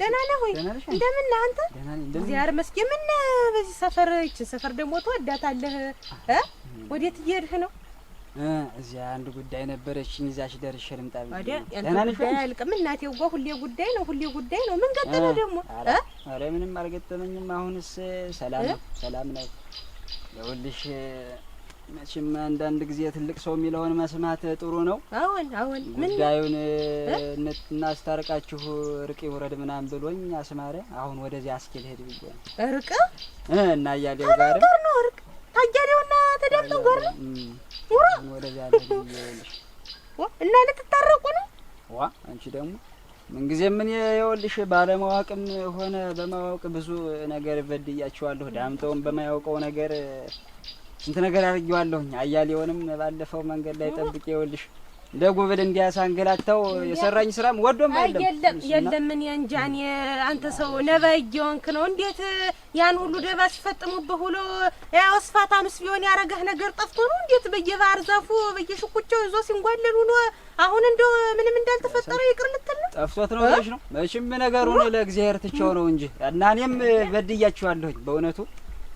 ደህና ነህ ወይ? እንደምን ነህ አንተ? እግዚአብሔር ይመስገን። ምን በዚህ ሰፈር ይችን ሰፈር ደግሞ ትወዳታለህ? ወዴት እየሄድህ ነው? እዚያ አንድ ጉዳይ ነበረችኝ ይዛሽ ደርሼ ልምጣ ብዬሽ። እናቴ ጓ ሁሌ ጉዳይ ነው፣ ሁሌ ጉዳይ ነው። ምን ገጠመ ደግሞ? ኧረ ምንም አልገጠመኝም። አሁንስ ሰላም ነው፣ ሰላም ነው። ይኸውልሽ መቼም አንዳንድ ጊዜ ትልቅ ሰው የሚለውን መስማት ጥሩ ነው። አሁን አሁን ጉዳዩን እናስታርቃችሁ ርቅ ይውረድ ምናምን ብሎኝ አስማረ አሁን ወደዚህ አስኪል ሄድ ብዬ ነው። ርቅ እና እያሌው ጋር ነው ርቅ ታያሌውና ተደምጠው ጋር ነው ውራ ወደዚያ ልሄድ ብዬ ይኸውልሽ። እና ልትታረቁ ነው? ዋ አንቺ ደግሞ ምንጊዜ ምን የወልሽ ባለማወቅም ሆነ በማወቅ ብዙ ነገር በድያችኋለሁ። ዳምጠውም በማያውቀው ነገር ስንት ነገር አድርጌዋለሁኝ። አያሌውንም ባለፈው መንገድ ላይ ጠብቄ ይኸውልሽ እንደ ጉብል እንዲያሳንገላታው የሰራኝ ስራም ወዶም አይደለም። የለም የለም፣ ምን እንጃን አንተ ሰው ነበየውንክ ነው። እንዴት ያን ሁሉ ደባ ሲፈጥሙብህ ውሎ ያው ስፋታምስ ቢሆን ያረጋህ ነገር ጠፍቶ ነው? እንዴት በየባህር ዛፉ በየሽኩቻው ይዞ ሲንጓለል ውሎ አሁን እንደው ምንም እንዳልተፈጠረ ይቅር ልትል ነው? ጠፍቶት ነው ልሽ ነው መቼም ነገሩን ለእግዚአብሔር ትቼው ነው እንጂ እና እኔም በድያችኋለሁኝ በእውነቱ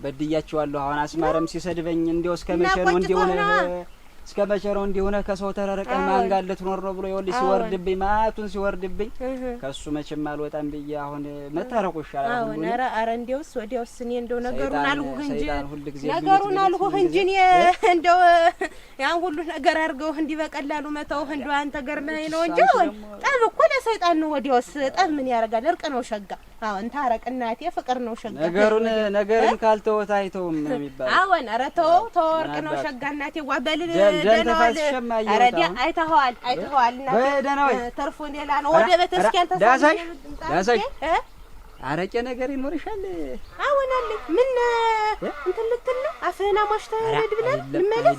በድያቸዋለሁ። አሁን አስማረም ሲሰድበኝ እንዲያው እስከ መቼ ነው እንዲሆነ እስከ መቼ ነው እንዲሆነ ከሰው ተረረቀህ ማንጋ ጋር ልትኖር ነው ብሎ ይኸውልህ ሲወርድብኝ ማቱን ሲወርድብኝ ከሱ መቼም አልወጣም ብዬ አሁን መታረቁ ይሻላል። አሁን ኧረ ኧረ እንዲያውስ ወዲያውስ እኔ እንደው ነገሩን አልሁህ እንጂ ነገሩን አልሁህ እንጂ እኔ እንደው ያን ሁሉ ነገር አድርገውህ እንዲህ በቀላሉ መተውህ እንደው አንተ ገርመኸኝ ነው እንጂ ጠብ እኮ ለሰይጣን ነው። ወዲያውስ ጠብ ምን ያደርጋል? እርቅ ነው ሸጋ አዎ እንታረቅ እናቴ ፍቅር ነው ሸጋ። ነገሩን ነገርን ካልተወት አይተውም ነው የሚባለው። አዎን፣ ኧረ ተወው ተወው፣ ወርቅ ነው ሸጋ እናቴ። ዋ በል ኧረ አይተኸዋል አይተኸዋል እናቴ። ተርፉን ሌላ ነው። ወደ ቤት ዳሳሽ አረቄ ነገር ይኖርሻል። አዎን አለኝ። ምን እንትን ልትል ነው? አፍህን አሟሽተህ ልመለስ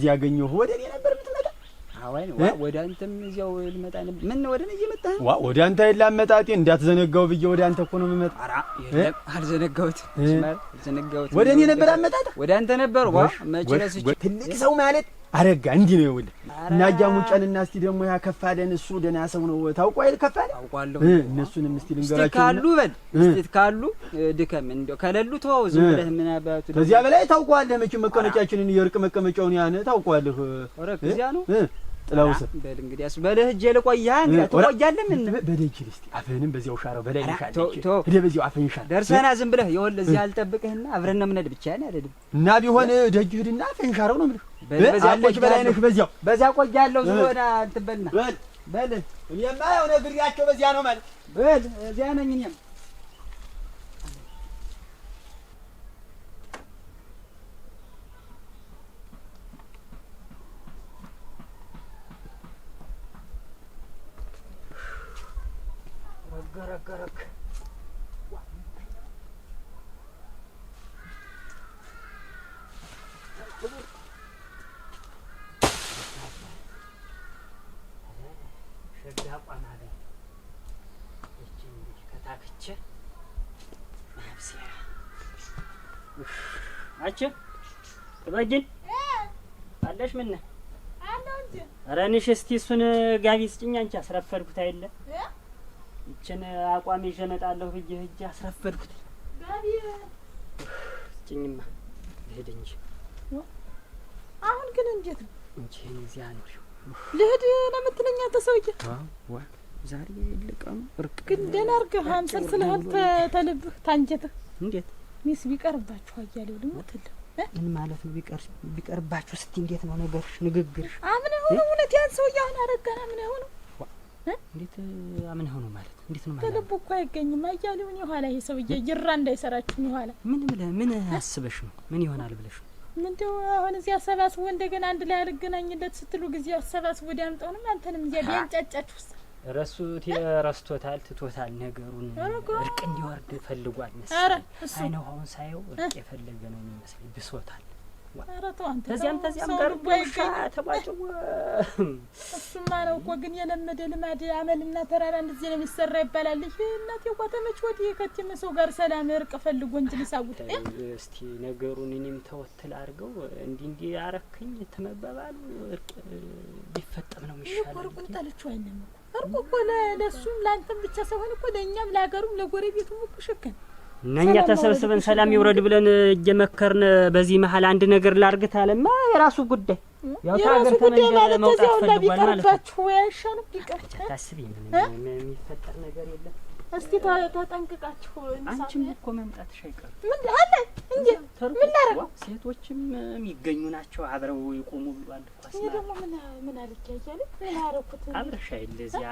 ከዚያ ያገኘሁ ወደ እኔ ነበር የምትመጣ። አዋይ ወደ አንተም እዚያው ልመጣ ነበር። ምን ወደ እኔ እየመጣህ ነው? ወደ አንተ የለ አመጣጤ እንዳትዘነጋው ብዬ ወደ አንተ እኮ ነው የምመጣ። ኧረ አልዘነጋሁትም፣ አልዘነጋሁትም። ወደ እኔ ነበር አመጣጣ? ወደ አንተ ነበር። ዋ መቼ ረስቼ ትልቅ ሰው ማለት አረጋ እንዲህ ነው ይኸውልህ። እና አጃሙጫን እና እስቲ ደግሞ ያ ከፋለን እሱ ደህና ሰው ነው ታውቆ አይደል? ከፋለን ታውቋለሁ። እነሱንም እስቲ ልንገራቸው ካሉ በል እስቲ ካሉ ድከም እንደው ከሌሉ ተወው ዝም ብለህ ምን አባቱ። ከዚያ በላይ ታውቋለህ መቼም መቀመጫችንን የእርቅ መቀመጫውን ያን ታውቋለህ። ኧረ ከዚያ ነው ጥለውስ በል እንግዲህ በልህ እጄ ልቆያ እንግዲህ ትቆያለህ። ምን በደጅ ልስቲ አፍህንም በዚያው ሻረው በላይ ይሻል እደ በዚያው አፍህን ሻር ደርሰና ዝም ብለህ ይኸውልህ እዚህ አልጠብቅህና አብረን ነው የምንሄድ ብቻህን አይደለም እና ቢሆን ደጅ ሂድና አፍህን ሻረው ነው የምልህ። አለች በላይ ነሽ በዚያው በዚያ ቆያለሁ። ዝም ሆነ እንትን በልና በል በል እኔማ የሆነ ግሪያቸው በዚያ ነው ማለት በል እዚያ ነኝ እኔም ገረገረክ ሸጋ ቋና ላይ እች እንግዲህ ከታክቼ ትበጅን አለሽ እሱን ጋቢ ስጭኝ አንቺ አስረፈድኩት አይደለ ይችን አቋም ይዤ እመጣለሁ ብዬ ሂጅ አስረፈድኩት። ጭኝማ ልሂድ እንጂ አሁን ግን እንዴት ነው እንጂ እዚያ አኖሪው ልሂድ ነው የምትለኝ አንተ ሰውዬ? ዛሬ ልቀሙ እርቅ ግን ደህና አድርገህ ስለሆን ተልብህ ታንጀትህ እንዴት ሚስ ቢቀርባችሁ አያሌው ደግሞ ትልህ ምን ማለት ነው? ቢቀርባችሁ ስቲ እንዴት ነው ነገርሽ? ንግግርሽ አምነህ ሆነ እውነት ያን ሰውዬ አሁን አረጋና ምን ሆነው እንዴት አምነህ ሆኖ ማለት እንዴት ነው ማለት ከልቡ እኮ አይገኝም። አያሌውን የኋላ ይሄ ሰውዬ ይራ እንዳይሰራችሁ የኋላ ምን ብለህ ምን አስበሽ ነው ምን ይሆናል ብለሽ ነው ምንድው አሁን እዚህ አሰባስቦ እንደገና አንድ ላይ አልገናኝለት ስትሉ ጊዜ አሰባስቦ ዳምጠውንም አንተንም እዚያ ቢያንጫጫችሁ ውስጥ ረሱት ረስቶታል፣ ትቶታል ነገሩን። እርቅ እንዲወርድ ፈልጓል መሰለኝ። አይነው አሁን ሳየው እርቅ የፈለገ ነው የሚመስለኝ፣ ብሶታል ተዚያም ተዚያም ጋር ተቧጭው እሱማ ነው እኮ ግን የለመደ ልማድ አመልና ተራራ እንደዚህ ነው የሚሰራ ይባላል። ይህ እናቴ እኮ ተመች ወዲህ ከቲም ሰው ጋር ሰላም እርቅ ፈልጎ እንጂ ሊሳጉት እስቲ ነገሩን እኔም ተወትል አድርገው እንዲህ እንዲህ አረክኝ ተመባባሉ እርቅ ቢፈጠም ነው የሚሻለው። እርቁን ጠልቼው አይደለም እርቁ እኮ ለእሱም ለአንተም ብቻ ሳይሆን እኮ ለእኛም ለሀገሩም ለጎረቤቱም እኮ ሸከም እነኛ ተሰብስበን ሰላም ይውረድ ብለን እየመከርን በዚህ መሀል አንድ ነገር ላርግት አለማ የራሱ ጉዳይ የራሱ ጉዳይ ተመንጀለ መውጣት ፈልጓል ማለት ነው። ያሻኑ ቢቀር ታስቢ የሚፈጠር ነገር የለም። እስቲ ተጠንቅቃችሁ አንቺም እኮ መምጣትሽ አይቀርም ምን አለ እንዴ ምን ላደርገው? ሴቶችም የሚገኙ ናቸው አብረው ይቆሙ ብሏል እኮ አስማ። ደግሞ ምን ምን አልክ ያያለ ምን አደረኩት? አብረሻ እንደዚያ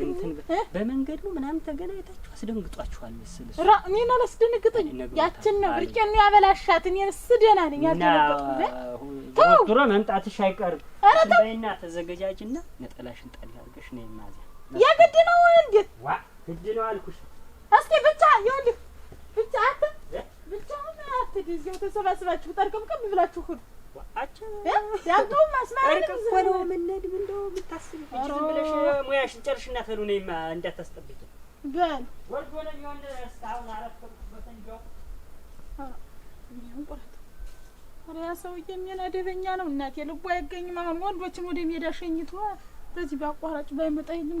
ግንትን በመንገድ ነው ምናምን ተገናኝታችሁ አስደንግጧችኋል መሰል። ራ እኔን አላስደነግጠኝ ያችን ነው ብርቄን ነው ያበላሻት። እኔን እሱ ደህና ነኝ አልደነገጥኩም። ተው ድሮ መምጣትሽ አይቀርም። ኧረ ተው በይና ተዘገጃጅና ነጠላሽን ጣል አድርገሽ ነው የማዚያ ያ ነው እንዴት ዋ ግድ ነው አልኩሽ። እስኪ ብቻ ይኸውልህ ብቻ አትም ብቻውን አትሂድ። እዚያው ተሰባስባችሁ ጠርቅምቅም ብላችሁ ሁሉ ያንተውም አስማራ ነው የምንሄድ እንደው የምታስቢው ዝም ብለሽ ሙያሽን ጨርሽና ተሉ እኔማ እንዳታስጠብቂ በል ወርዶ ነው የሚሆን እስካሁን አረፈድኩበት እንዲያው ቁረት ኧረ ያ ሰውዬ የሚሆን ነው እናቴ ልቡ አይገኝም አሁን ወንዶችን ወደ ሜዳ በዚህ በአቋራጭ ባይመጣ የለም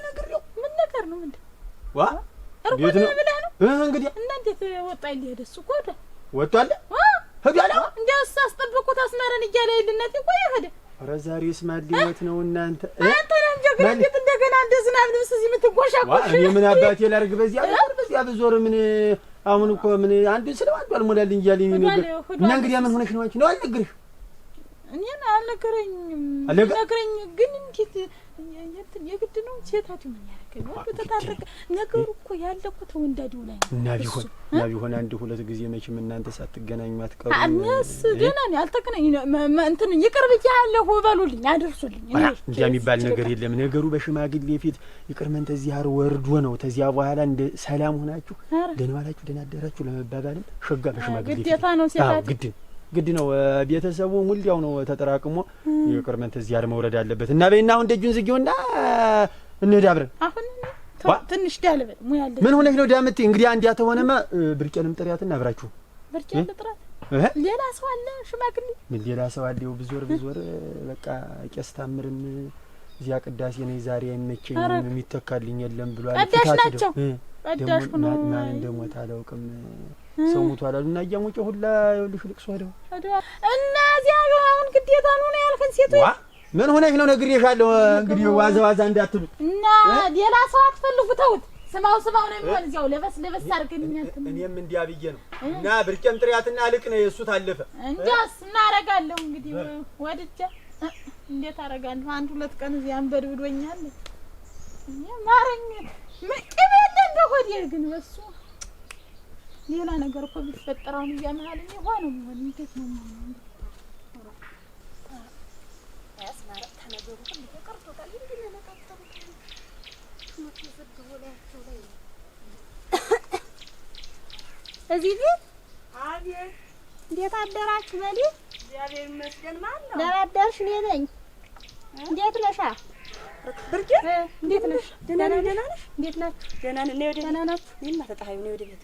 ዋ እንዴት ነው ብለህ ነው እንግዲህ እና እንዴት ወጣ እኮ ወደ ወጣለ ሄዷል። እንዲያውስ አስጠብቁት አስመረን እያለ ይልነት ኧረ ዛሬ ነው እናንተ አንተ ነው እንጂ እንደገና እንደ ዝናብ ልብስ እዚህ የምትጎሻቆሽ እኔ ምን አባቴ ላድርግ? በዚያ በዚያ ብዞር ምን አሁን እኮ ምን ስለው አንዱ አልሞላልኝ እያለኝ እና እንግዲህ ምን ሆነሽ ነው አንቺ ነው አልነግርህ እኔን አልነገረኝም። ነግረኝ ግን እንዴት የግድ ነው? ሴታት ምን ያደርገኝ? ተታረቀ ነገሩ እኮ ያለ እኮ ተወንዳዲው ላይ እና ቢሆን እና ቢሆን አንድ ሁለት ጊዜ መቼም እናንተ ሳትገናኙ አትቀሩ። እኔስ ደህና ነኝ፣ አልተገናኝ እንትን ይቅር ብያለሁ በሉልኝ፣ አደርሱልኝ። እንዲያ የሚባል ነገር የለም። ነገሩ በሽማግሌ ፊት ይቅር መን ተዚህ አር ወርዶ ነው። ተዚያ በኋላ እንደ ሰላም ሆናችሁ ደህና ዋላችሁ፣ ደህና አደራችሁ ለመባባልም ሸጋ በሽማግሌ ፊት ግዴታ ነው። ሴታት ግድ ግድ ነው። ቤተሰቡ ሙሊያው ነው ተጠራቅሞ የቅርመንት እዚህ ያድ መውረድ አለበት እና በይና አሁን ደጁን ዝጊው እና እንሂድ አብረን አሁን ትንሽ ዳል ሙያ ምን ሆነሽ ነው ዳምቴ? እንግዲህ አንድ ያተሆነማ ብርቄንም ጥሪያት እና አብራችሁ ብርቄን ጥራት። ሌላ ሰው አለ ሽማግሌ? ምን ሌላ ሰው አለ? ብዙ ወር ብዙ ወር በቃ ቄስ ታምርም እዚያ ቅዳሴ ነኝ ዛሬ አይመቸኝም የሚተካልኝ የለም ብሏል። ቅዳሽ ናቸው። ቅዳሽ ሆኖ ማን እንደሞተ አላውቅም ሰው ሞቷል አሉ እና እያሞጨ ሁላ ይኸውልሽ ልቅሶ ሄደው እና እዚያ አሁን ግዴታ ነው ነው ያልከን ሴቶ ምን ሆነሽ ነው ነግሬሻለሁ። እንግዲህ ዋዛ ዋዛ እንዳትሉ እና ሌላ ሰው አትፈልጉ፣ ተውት። ስማው ስማው ነው የሚሆን እዚያው ለበስ ለበስ አድርገን እኔም እንዲያ ብዬ ነው እና ብርቄም ጥሪያትና ልቅ ነው የእሱ ታለፈ እንዲያስ እናረጋለሁ። እንግዲህ ወድጃ እንዴት አረጋለሁ? አንድ ሁለት ቀን እዚህ አንበድ ማረኝ ምቅብ የለ እንደሆድ ግን በሱ ሌላ ነገር እኮ ቢፈጠር አሁን እያመሀል እኔ ውሃ ነው የሚሆን። እንዴት ነው የሚሆን? እዚህ ቤት እንዴት አደራችሁ? በል እግዚአብሔር ይመስገን። ማን ነው? ደህና እኔ ነኝ። እንዴት ነሽ? ብርጅ እንዴት ነሽ? ደህና ነሽ? እንዴት ናችሁ? ደህና ነን። እኔ ወደ ደህና ናችሁ? እኔማ ተጠሀዩ እኔ ወደ ቤት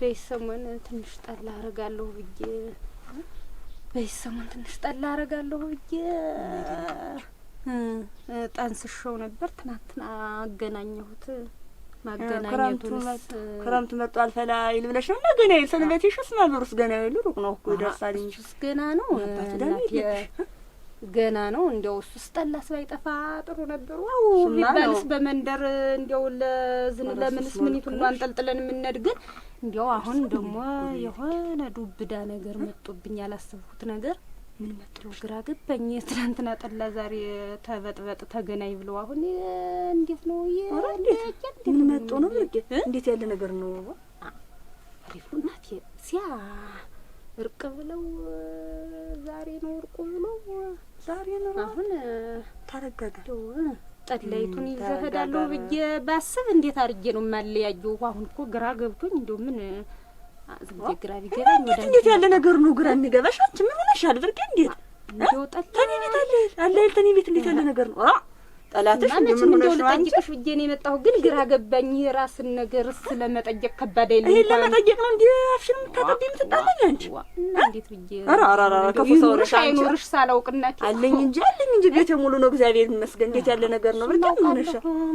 በይሰሞን ትንሽ ጠላ አረጋለሁ ብዬ በይሰሞን ትንሽ ጠላ አረጋለሁ ብዬ ጠንስሸው ነበር። ትናንትና አገናኘሁት። ማገናኘቱን ክረምት መጧል ፈላ ይል ብለሽ ነው እና ገና ይል ሰንበቴሽስ ማኖሩስ ገና ይሉ ሩቅ ነው እኮ ይደርሳል እንጂ ገና ነው። ደ ገና ነው። እንዲያው እሱ ስጠላስ ባይጠፋ ጥሩ ነበር። ዋው ቢባልስ በመንደር እንዲያው ለዝን ለምንስ ምን ይቱን አንጠልጥለን የምንሄድ ግን እንዲያው አሁን ደግሞ የሆነ ዱብዳ ነገር መጡብኝ። ያላሰብኩት ነገር ምን መጥቶ ግራ ገባኝ። ትናንትና ጠላ ዛሬ ተበጥበጥ ተገናኝ ብለው አሁን እንዴት ነው ምን መጡ ነው? እንዴት ያለ ነገር ነው? ሪፉናት እናት ሲያ እርቅ ብለው ዛሬ ነው እርቁ ብለው ዛሬ ነው አሁን ተረጋጋ። ጠላይቱን ይዘህ እሄዳለሁ ብዬ ባስብ እንዴት አድርጌ ነው የማለያየው? አሁን እኮ ግራ ገብቶኝ እንደው ምን ግራ ቢገባኝ እንዴት ያለ ነገር ነው ግራ የሚገባሽ? አንቺ ምን ሆነሻል? ብርቄ እንዴት እንደው ጠላ ተኔ ቤት አለ አለ ተኔ ቤት እንዴት ያለ ነገር ነው? ጠላትሽ ምንም እንደው ልጠይቅሽ ብዬ ነው የመጣሁ፣ ግን ግራ ገባኝ። የራስን ነገር እስ ለመጠየቅ ከባድ አይደለም። ይሄን ለመጠየቅ ነው እንዴ? አፍሽን ምታጠብ የምትጣለኝ አንቺ እንዴት ብዬ ኧረ ኧረ ኧረ ከፉ ሰው ነሽ አንቺ አይኖርሽ ሳላውቅ አለኝ እንጂ አለኝ እንጂ ቤተ ሙሉ ነው። እግዚአብሔር ይመስገን። እንዴት ያለ ነገር ነው! ብርቅ ምን ነሽ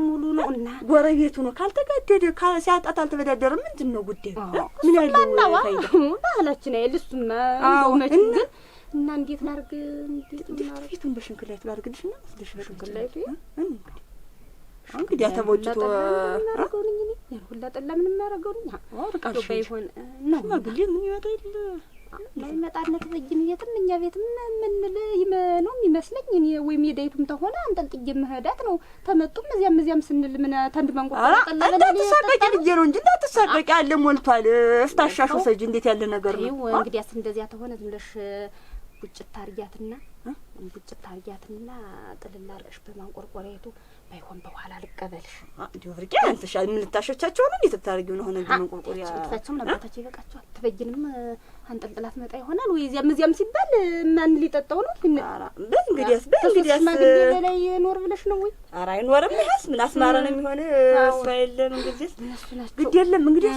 ሙሉ ነው። እና ጎረቤቱ ነው ካልተጋደደ ሲያጣት አልተበዳደረ ምንድን ነው ጉዳዩ? ምን ያለው ነው ባላችን አይልሱማ ነው ግን እና እንዴት ናርግ ፊቱን በሽንክላይቱ ላድርግልሽ እና ወስደሽ በሽንክላይቱ እንግዲህ ተቦጭቶ ያን ሁላ ጠላ ምንም ያደርገውልኝ ርቃሽ ባይሆን ሽማግሌ ምን ይመጣ የለ ይመጣነት በይን የትም እኛ ቤትም የምንል ነው የሚመስለኝ። እኔ ወይ ሜዳይቱም ተሆነ አንጠልጥዬ መሄዳት ነው። ተመጡም እዚያም እዚያም ስንል ምን ተንድ መንቆጣጠላእንዳትሳቀቂ ልጄ ነው እንጂ እንዳትሳቀቂ አለ ሞልቷል። እስታሻሹ ሰጅ እንዴት ያለ ነገር ነው እንግዲያስ እንደዚያ ተሆነ ዝም ብለሽ እንቡጭት አርጊያትና እንቡጭት አርጊያትና ጥልል አርቀሽ በማንቆርቆሪያቱ ባይሆን በኋላ ልቀበልሽ። እንዲሁ ብርቄ አንተሻ የምንታሸቻቸው ነው እንዴት ታርጊው ነው ሆነ በማንቆርቆሪያ ማንቆርቆሪያ ጽፈቱም ለባታቸው ይበቃቸዋል። ትበይንም አንጠልጥላት መጣ ይሆናል ወይ እዚያም እዚያም ሲባል ማን ሊጠጣው ነው? አራ በል እንግዲያስ በል እንግዲያስ በላይ ኖር ብለሽ ነው ወይ? አራ አይኖርም። ይሄስ ምን አስማረ ነው የሚሆነ እሱ አይደለም እንግዲህ ግድ የለም እንግዲህ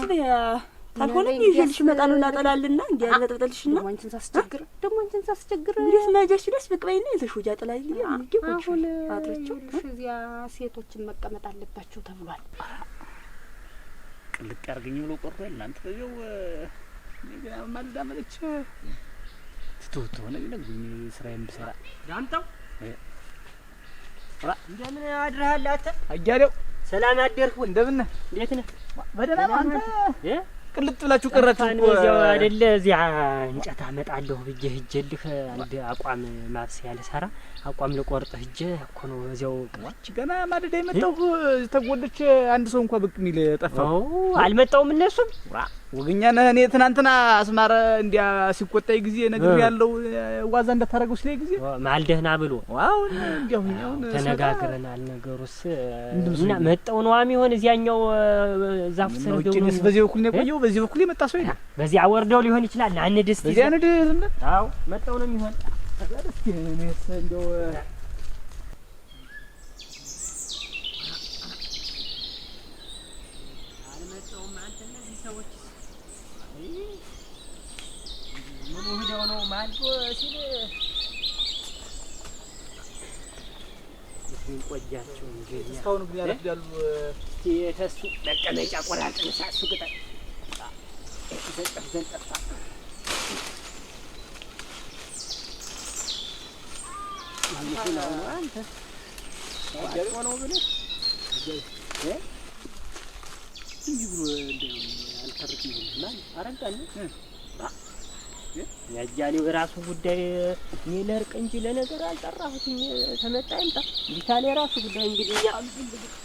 ካልሆነ ይዤልሽ እመጣለሁ ላጠላልና እንዲ ያለጠጠልሽና አንቺን ሳስቸግር ደግሞ አንቺን ሳስቸግር እንዴት መጃሽ ደስ ብቅ በይና የተሾጃ ጥላይ አሁን አጥረቸው እዚያ ሴቶችን መቀመጥ አለባቸው ተብሏል። ቅልቅ ያርግኝ ብሎ ቆርጦ እናንተ በዚው ማልዳ መለች ትትት ሆነ ይለጉኝ ስራ የምሰራ ዳምጠው እንደምን አድረሃል? አተ አያሌው ሰላም አደርህ? እንደምን እንዴት ነህ? በደህና አንተ ቅልጥ ብላችሁ ቀራችሁ እዚያው አይደለ? እዚያ እንጨት አመጣለሁ ብዬ ሂጄልህ አንድ አቋም ማብሰያ ልሰራ አቋም ልቆርጥ ህጀ እኮ ነው እዚያው ቅርች ገና ማደዳ የመጣሁ ተጎልቼ አንድ ሰው እንኳ ብቅ ሚል ጠፋው። አልመጣውም እነሱም ወግኛ ነህ። እኔ ትናንትና አስማረ እንዲያ ሲቆጣይ ጊዜ ነገር ያለው ዋዛ እንዳታረገው ሲለኝ ጊዜ ማልደህና ብሎ አሁን እንዲያሁን ተነጋግረናል። ነገሩስ እና መጣው ነዋ የሚሆን እዚያኛው ዛፍ ስር ደውሎ በዚህ በኩል ነው የቆየው በዚህ በኩል የመጣ ሰው ይሄ በዚያ ወርደው ሊሆን ይችላል። ና እንድስ በዚያ ንድ አዎ መጣው ነው የሚሆን እስኪ እኔስ እንደው ቆያቸው እንግዲህ እስካሁን ግን ያሉ መቀመጫ ቆራጭ ሳሱ ቅጠል ያጃሌው የራሱ ጉዳይ እኔ ለእርቅ እንጂ ለነገር አልጠራሁትም። ተመጣ ይምጣ እንዲታለ የራሱ ጉዳይ እንግዲህ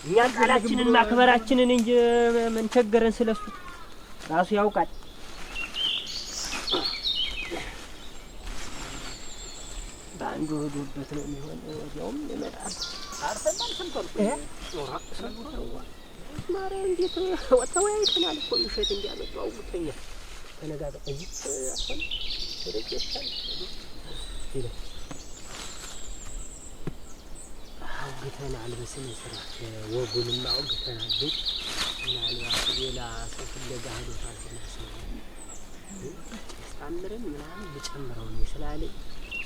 እኛ ቃላችንን ማክበራችንን እንጂ ምን ቸገረን። ስለሱ ራሱ ያውቃል። አንዱ ሄዶበት ነው የሚሆን። ወዲያውም ይመጣል። አርፈናል። ስንቶልኩ ማርያም እንዴት ተወያይተናል እኮ ምሸት እንዲያመጡ አውቁተኛል። ተነጋገ እዚህ አሁን ወደጌታል ይላል አውግተናል። በስነ ስርዓት ወጉንም አውግተናል። ግን ምናልባት ሌላ ሰው ፍለጋ ሄዶታል። ስነስ ታምርን ምናምን ልጨምረው ነው ስላለኝ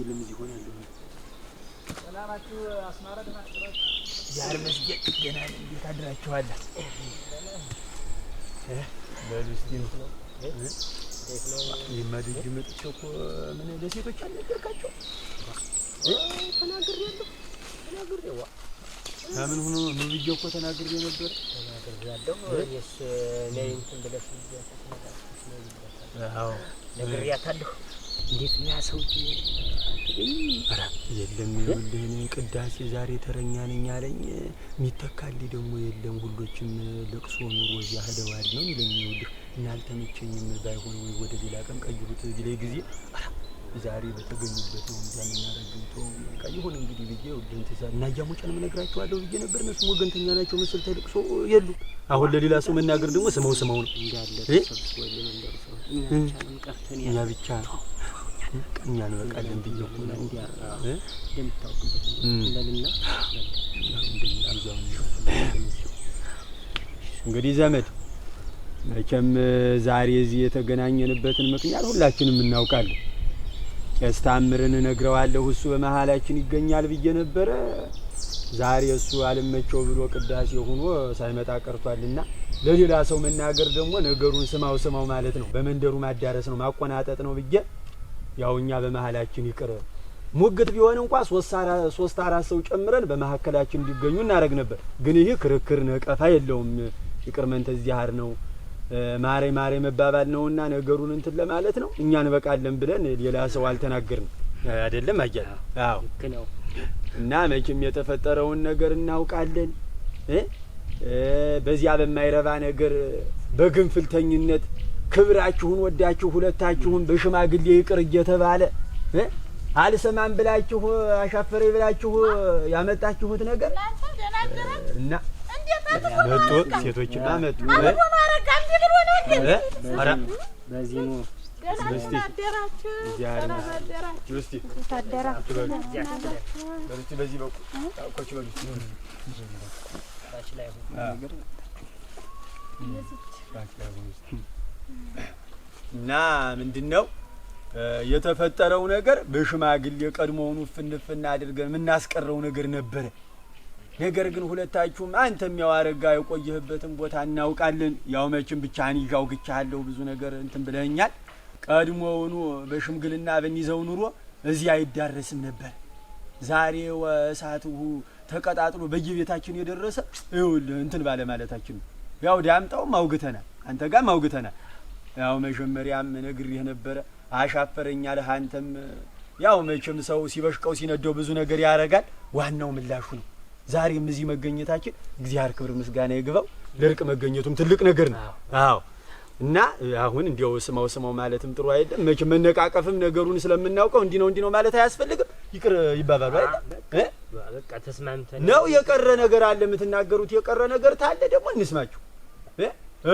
የለም እዚህ ሆነ ያለው ሰላማችሁ አስማረ ዛር መስጌጥ ገና እንዴት አድራችኋል? በሉ እስኪ ነው መጥቼ እኮ ምን ለሴቶች አልነገርካቸው? ተናግሬ ያለሁ ተናግሬ ዋ ከምን ሆኖ ምን ብዬ እኮ ተናግሬ ነበር ተናግሬ ያለሁ ነግሬያታለሁ። እንዴት ነው ያ ሰውዬ የለም ይኸውልህ፣ እኔ ቅዳሴ ዛሬ ተረኛ ነኝ አለኝ። የሚተካልኝ ደግሞ የለም። ሁሎችም ለቅሶ ኑሮ እዚያ ሄደዋል ነው ይለኝ። ይኸውልህ እና አልተመቸኝም። ባይሆን ወይ ወደ ሌላ ቀን ቀይሩት ቢለኝ ጊዜ ዛሬ በተገኙበት ነው እንጃ የምናረግቶ በቃ ይሁን እንግዲህ ብዬ ወደን ትዛ እና እያሞጫን የምነግራቸዋለሁ ብዬ ነበር። እነሱም ወገንተኛ ናቸው መሰል ተልቅሶ የሉ አሁን ለሌላ ሰው መናገር ደግሞ ስመው ስመው ነው እኛ ብቻ ቀኛን በቃልን ብየው እንግዲህ ዘመድ መቼም ዛሬ እዚህ የተገናኘንበትን ምክንያት ሁላችንም እናውቃለን። ቄስ ታምርን እነግረዋለሁ እሱ በመሀላችን ይገኛል ብዬ ነበረ። ዛሬ እሱ አልመቸው ብሎ ቅዳሴ ሆኖ ሳይመጣ ቀርቷልና ለሌላ ሰው መናገር ደግሞ ነገሩን ስማው ስማው ማለት ነው፣ በመንደሩ ማዳረስ ነው፣ ማቆናጠጥ ነው ብዬ ያው እኛ በመሀላችን ይቅር ሙግት ቢሆን እንኳ ሶስት አራት ሰው ጨምረን በመሀከላችን እንዲገኙ እናደረግ ነበር። ግን ይህ ክርክር ነቀፋ የለውም። ይቅር መን ተዚያር ነው ማሬ ማሬ መባባል ነውና ነገሩን እንትን ለማለት ነው። እኛ እንበቃለን ብለን ሌላ ሰው አልተናገርን አይደለም አያ አዎ ነው እና መቼም የተፈጠረውን ነገር እናውቃለን። በዚያ በማይረባ ነገር በግንፍልተኝነት ክብራችሁን ወዳችሁ ሁለታችሁን በሽማግሌ ይቅር እየተባለ አልሰማም ብላችሁ አሻፈሬ ብላችሁ ያመጣችሁት ነገር እና መጡ። ሴቶችማ መጡ። በዚህ እና ምንድን ነው የተፈጠረው ነገር በሽማግሌ ቀድሞውኑ ፍንፍና አድርገን የምናስቀረው ነገር ነበረ። ነገር ግን ሁለታችሁም አንተም ያው አረጋ የቆየህበትን ቦታ እናውቃለን። ያው መቼም ብቻህን ይዣው ግቻለሁ ብዙ ነገር እንትን ብለኛል። ቀድሞውኑ በሽምግልና በኒዘው ኑሮ እዚህ አይዳረስም ነበር። ዛሬ እሳቱ ተቀጣጥሎ በየቤታችን የደረሰ ይኸውልህ እንትን ባለማለታችን ነው። ያው ዳምጣውም አውግተናል፣ አንተ ጋርም አውግተናል። ያው መጀመሪያም ነግሬህ ነበረ አሻፈረኛ አለህ። አንተም ያው መቼም ሰው ሲበሽቀው ሲነደው ብዙ ነገር ያረጋል። ዋናው ምላሹ ነው። ዛሬም እዚህ መገኘታችን እግዚአብሔር ክብር ምስጋና ይግባው። ለእርቅ መገኘቱም ትልቅ ነገር ነው። አዎ እና አሁን እንዲያው ስማው ስማው ማለትም ጥሩ አይደለም። መቼም መነቃቀፍም ነገሩን ስለምናውቀው እንዲህ ነው እንዲህ ነው ማለት አያስፈልግም። ይቅር ይባባሉ አይደለም ነው። የቀረ ነገር አለ የምትናገሩት የቀረ ነገር ታለ ደግሞ እንስማችሁ።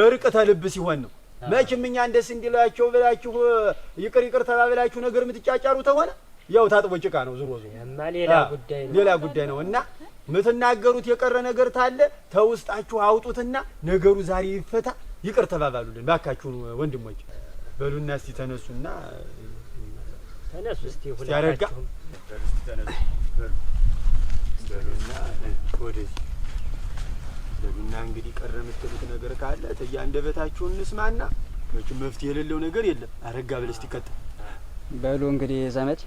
እርቅ ተልብ ሲሆን ነው መቼም እኛ እንደስ እንዲላቸው ብላችሁ ይቅር ይቅር ተባብላችሁ ነገር የምትጫጫሩ ተሆነ ያው ታጥቦ ጭቃ ነው። ዝሮ ዝሮ ሌላ ጉዳይ ነው እና የምትናገሩት የቀረ ነገር ታለ ተውስጣችሁ አውጡትና ነገሩ ዛሬ ይፈታ። ይቅር ተባባሉልን ባካችሁን ወንድሞች። በሉና እስቲ ተነሱና ተነሱ እስቲ ሁላችሁም ተነሱ በሉና ወደዚህ በሉና እንግዲህ ቀረ የምትሉት ነገር ካለ እትዬ አንደበታችሁን እንስማና መቼም መፍትሄ የሌለው ነገር የለም። አረጋ ብለሽ ትቀጥ በሉ እንግዲህ ዘመድ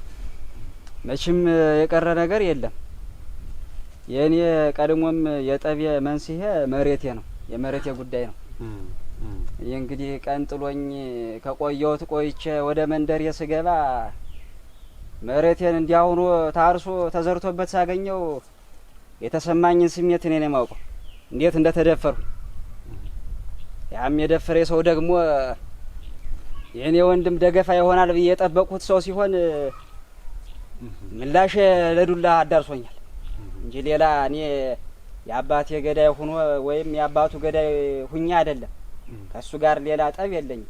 መቼም የቀረ ነገር የለም። የእኔ ቀድሞም የጠቤ መንስኤ መሬቴ ነው፣ የመሬቴ ጉዳይ ነው። ይህ እንግዲህ ቀን ጥሎኝ ከቆየሁት ቆይቼ ወደ መንደሬ ስገባ መሬቴን እንዲያሁኑ ታርሶ ተዘርቶበት ሳገኘው የተሰማኝን ስሜት እኔ ነው የማውቀው። እንዴት እንደተደፈርኩ ያም የደፈረ ሰው ደግሞ የእኔ ወንድም ደገፋ ይሆናል ብዬ የጠበቁት ሰው ሲሆን ምላሽ ለዱላ አዳርሶኛል እንጂ ሌላ እኔ የአባቴ ገዳይ ሁኖ ወይም የአባቱ ገዳይ ሁኛ አይደለም። ከእሱ ጋር ሌላ ጠብ የለኝም።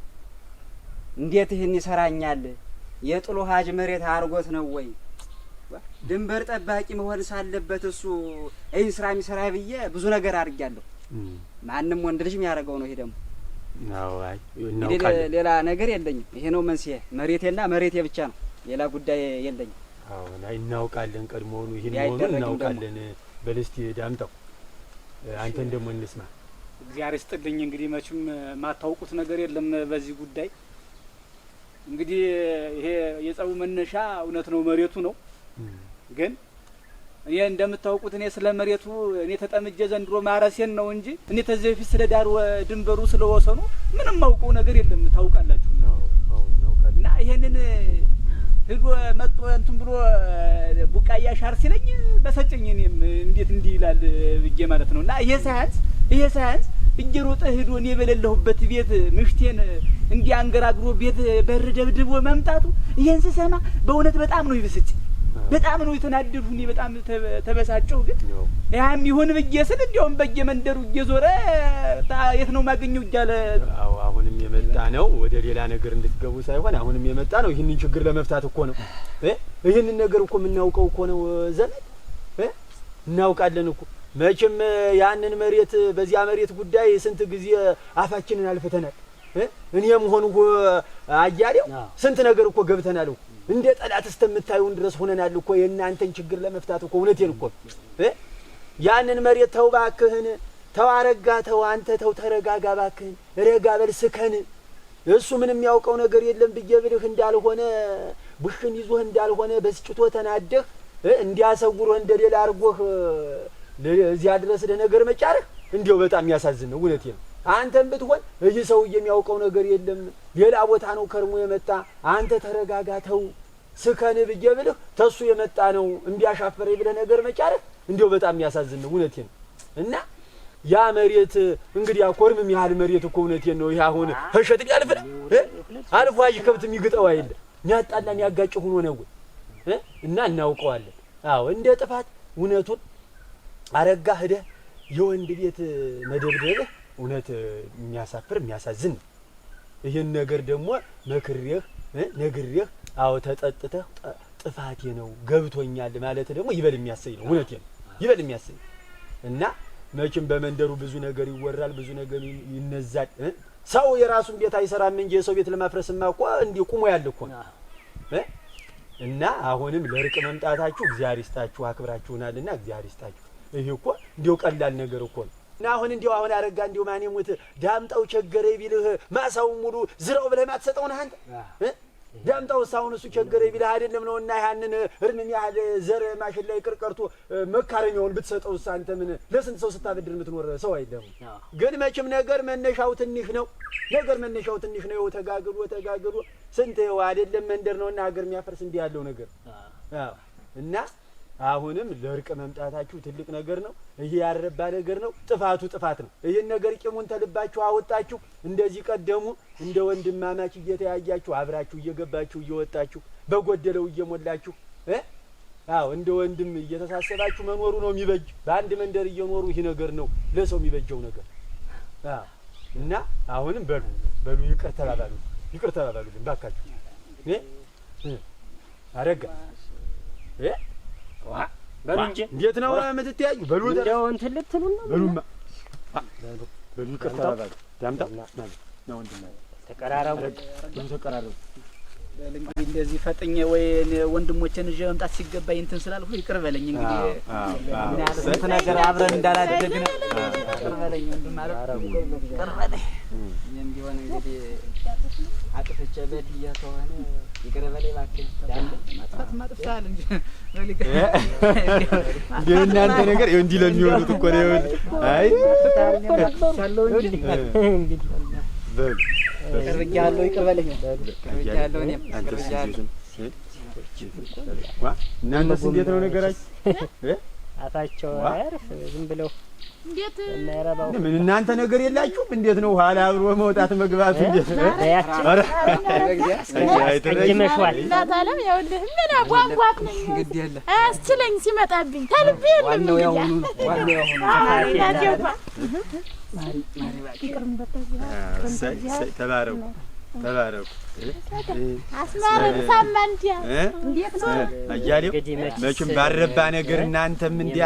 እንዴት ይህን ይሰራኛል? የጥሉ ሀጅ መሬት አድርጎት ነው ወይ ድንበር ጠባቂ መሆን ሳለበት እሱ ይህን ስራ የሚሰራ ብዬ ብዙ ነገር አድርጊያለሁ። ማንም ወንድ ልጅ የሚያደርገው ነው። ይሄ ደግሞ ሌላ ነገር የለኝም። ይሄ ነው መንስኤ፣ መሬቴና መሬቴ ብቻ ነው። ሌላ ጉዳይ የለኝም። እናውቃለን፣ ቀድሞውኑ ይህን መሆኑን እናውቃለን። በል ዳምጠው፣ አንተን ደግሞ እንስማ። እግዚአብሔር ይስጥልኝ። እንግዲህ መቼም ማታውቁት ነገር የለም በዚህ ጉዳይ። እንግዲህ ይሄ የጸቡ መነሻ እውነት ነው፣ መሬቱ ነው ግን ይህ እንደምታውቁት እኔ ስለ መሬቱ እኔ ተጠምጄ ዘንድሮ ማረሴን ነው እንጂ እኔ ተዚህ በፊት ስለ ዳር ድንበሩ ስለወሰኑ ምንም አውቀው ነገር የለም። ታውቃላችሁ እና ይህንን ህዶ መጥቶ እንትን ብሎ ቡቃያ ሻር ሲለኝ በሰጨኝ እኔም እንዴት እንዲህ ይላል ብዬ ማለት ነው። እና ይሄ ሳያንስ ይሄ ሳያንስ እየሮጠ ሂዶ እኔ በሌለሁበት ቤት ምሽቴን እንዲህ አንገራግሮ ቤት በር ደብድቦ መምጣቱ ይህን ስሰማ በእውነት በጣም ነው ይብስጭ በጣም ነው የተናደድሁ። እኔ በጣም ተበሳጨሁ። ግን ያም ይሁን ብዬ ስል እንዲያውም በየመንደሩ እየዞረ የት ነው ማገኘው እያለ አሁንም የመጣ ነው ወደ ሌላ ነገር እንድትገቡ ሳይሆን አሁንም የመጣ ነው ይህንን ችግር ለመፍታት እኮ ነው። ይህንን ነገር እኮ የምናውቀው እኮ ነው ዘመድ እናውቃለን እኮ መቼም ያንን መሬት በዚያ መሬት ጉዳይ ስንት ጊዜ አፋችንን አልፈተናል። እኔም መሆኑ አያሌው ስንት ነገር እኮ ገብተናል እኮ እንደ ጠላት እስተምታዩን ድረስ ሆነናል እኮ የእናንተን ችግር ለመፍታት እኮ። እውነቴን እኮ ያንን መሬት ተው ባክህን፣ ተው አረጋ፣ ተው አንተ ተው፣ ተረጋጋ ባክህን፣ ረጋ በል ስከን። እሱ ምንም ያውቀው ነገር የለም ብዬ ብልህ እንዳልሆነ ብሽን ይዞህ እንዳልሆነ በስጭቶ ተናደህ እንዲያሰጉሮህ እንደሌላ ሌላ አርጎህ እዚያ ድረስ ለነገር መጫረህ እንዲያው በጣም የሚያሳዝን ነው። እውነቴን አንተም ብትሆን እዚ ሰው የሚያውቀው ነገር የለም፣ ሌላ ቦታ ነው ከርሞ የመጣ አንተ ተረጋጋተው ስከን ብዬ ብልህ ተሱ የመጣ ነው እንዲያሻፈረ ብለህ ነገር መጫረህ እንዲያው በጣም የሚያሳዝን ነው። እውነቴን እና ያ መሬት እንግዲህ ኮርም የሚያህል መሬት እኮ እውነቴን ነው። ይህ አሁን እሸት ቢያልፍ አልፎ አይ ከብት የሚግጠው አይደለ የሚያጣላ የሚያጋጭ ሆኖ ነው እና እናውቀዋለን። አዎ እንደ ጥፋት እውነቱን አረጋ ሂደህ የወንድ ቤት መደብደብህ እውነት የሚያሳፍር የሚያሳዝን ነው። ይህን ነገር ደግሞ መክሬህ ነግሬህ፣ አዎ ተጠጥተህ ጥፋቴ ነው ገብቶኛል ማለት ደግሞ ይበል የሚያሰኝ ነው። እውነቴ ነው ይበል የሚያሰኝ እና መቼም በመንደሩ ብዙ ነገር ይወራል፣ ብዙ ነገር ይነዛል። ሰው የራሱን ቤት አይሰራም እንጂ የሰው ቤት ለማፍረስማ እኮ እንዲህ ቁሞ ያለ እኮ ነው። እና አሁንም ለእርቅ መምጣታችሁ እግዚአብሔር ይስጣችሁ፣ አክብራችሁናልና እግዚአብሔር ይስጣችሁ። ይህ እኮ እንዲው ቀላል ነገር እኮ ነው። እና አሁን እንዲያው አሁን አረጋ እንዲያው ማን ሙት ዳምጠው ቸገረ ቢልህ ማሳው ሙሉ ዝረው ብለህ ማትሰጠውን አንተ ዳምጠው ሳሁን እሱ ቸገረ ቢልህ አይደለም ነው እና ያንን እርምም ያህል ዘር ማሽን ላይ ቅርቀርቶ መካረኛውን ብትሰጠው አንተ ምን ለስንት ሰው ስታበድር የምትኖር ሰው አይደለም። ግን መቼም ነገር መነሻው ትንሽ ነው። ነገር መነሻው ትንሽ ነው። ተጋግሎ ተጋግሎ ስንት አይደለም መንደር ነው እና ሀገር የሚያፈርስ እንዲህ ያለው ነገር እና አሁንም ለእርቅ መምጣታችሁ ትልቅ ነገር ነው። ይሄ ያረባ ነገር ነው። ጥፋቱ ጥፋት ነው። ይህን ነገር ቂሙን ተልባችሁ አወጣችሁ። እንደዚህ ቀደሙ እንደ ወንድማማች እየተያያችሁ አብራችሁ እየገባችሁ እየወጣችሁ በጎደለው እየሞላችሁ አዎ እንደ ወንድም እየተሳሰባችሁ መኖሩ ነው የሚበጅ። በአንድ መንደር እየኖሩ ይህ ነገር ነው ለሰው የሚበጀው ነገር እና አሁንም በሉ በሉ ይቅር ተባባሉ፣ ይቅር ተባባሉልን ባካችሁ። አረጋ በሉ እንጂ እንዴት ነው የምትተያዩ? በሉ እንደው እንትን ልትሉ ነው። በሉማ በሉ ይቅርታ አላባሉ ዳምጣ ነው ወንድምህ ተቀራረቡ፣ በሉ ተቀራረቡ። እንግዲህ እንደዚህ ፈጥኜ ወይ ወንድሞቼን ይዤ መምጣት ሲገባኝ እንትን ስላልኩ ይቅር በለኝ። እንግዲህ ስንት ነገር አብረን እንዳላደግን ይቅር በለኝ ወንድም ማለት ይቅር በለኝ እንዲሆን እንግዲህ አጥፍቼ በድዬ ከሆነ ይቅር በለኝ እባክህ። ማጥፋት ማጥፍታል እንጂ እናንተ ነገር እንዲህ ለሚሆኑት እኮ ነው። አይ ቅርብያለሁ፣ ይቅር በለኝ ቅርብያለሁ። እኔም እናንተስ እንዴት ነው ነገራችሁ? አታቸው አያርፍ ዝም ብለው ምን እናንተ ነገር የላችሁም? እንዴት ነው ኋላ አብሮ መውጣት መግባት? እንዴት ነው አያስችለኝ ሲመጣብኝ ከልቤ ተባረኩ ተባረኩ። አስማረን እንዴት ነው አያሌው መቼም ባረባ ነገር እናንተም እንዲያ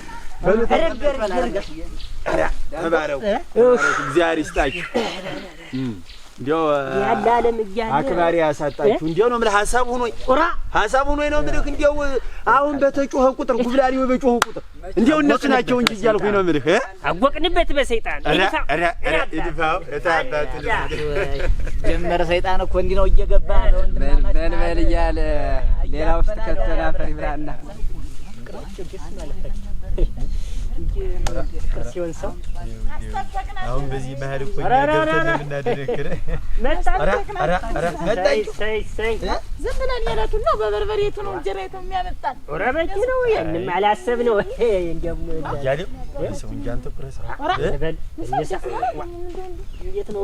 እግዚአብሔር ይስጣችሁ። እንዲያው አክባሪ ያሳጣችሁ። እንዲያው ነው የምልህ ሀሳብ ሆኖኝ ቁራ ሀሳብ ሆኖኝ ነው የምልህ። እንዲያው አሁን በተጮኸ ቁጥር ጉብላሊው በጮኸ ቁጥር እንዲያው እነሱ ናቸው እንጂ እያልኩኝ ነው የምልህ። አወቅንበት በሰይጣን ጀመረ። ሰይጣን እኮ እንዲህ ነው እየገባ በል በል እያለ ሌላ ውስጥ ከተናፈሪ ብራና ሲሆን ሰው አሁን በዚህ መሀል እኮ ዝም ብለን የዕለቱን ነው በበርበሬቱ ነው እንጀራ የትም የሚያመጣል ረበቂ ነው። ይህንም አላሰብ ነው እንዴት ነው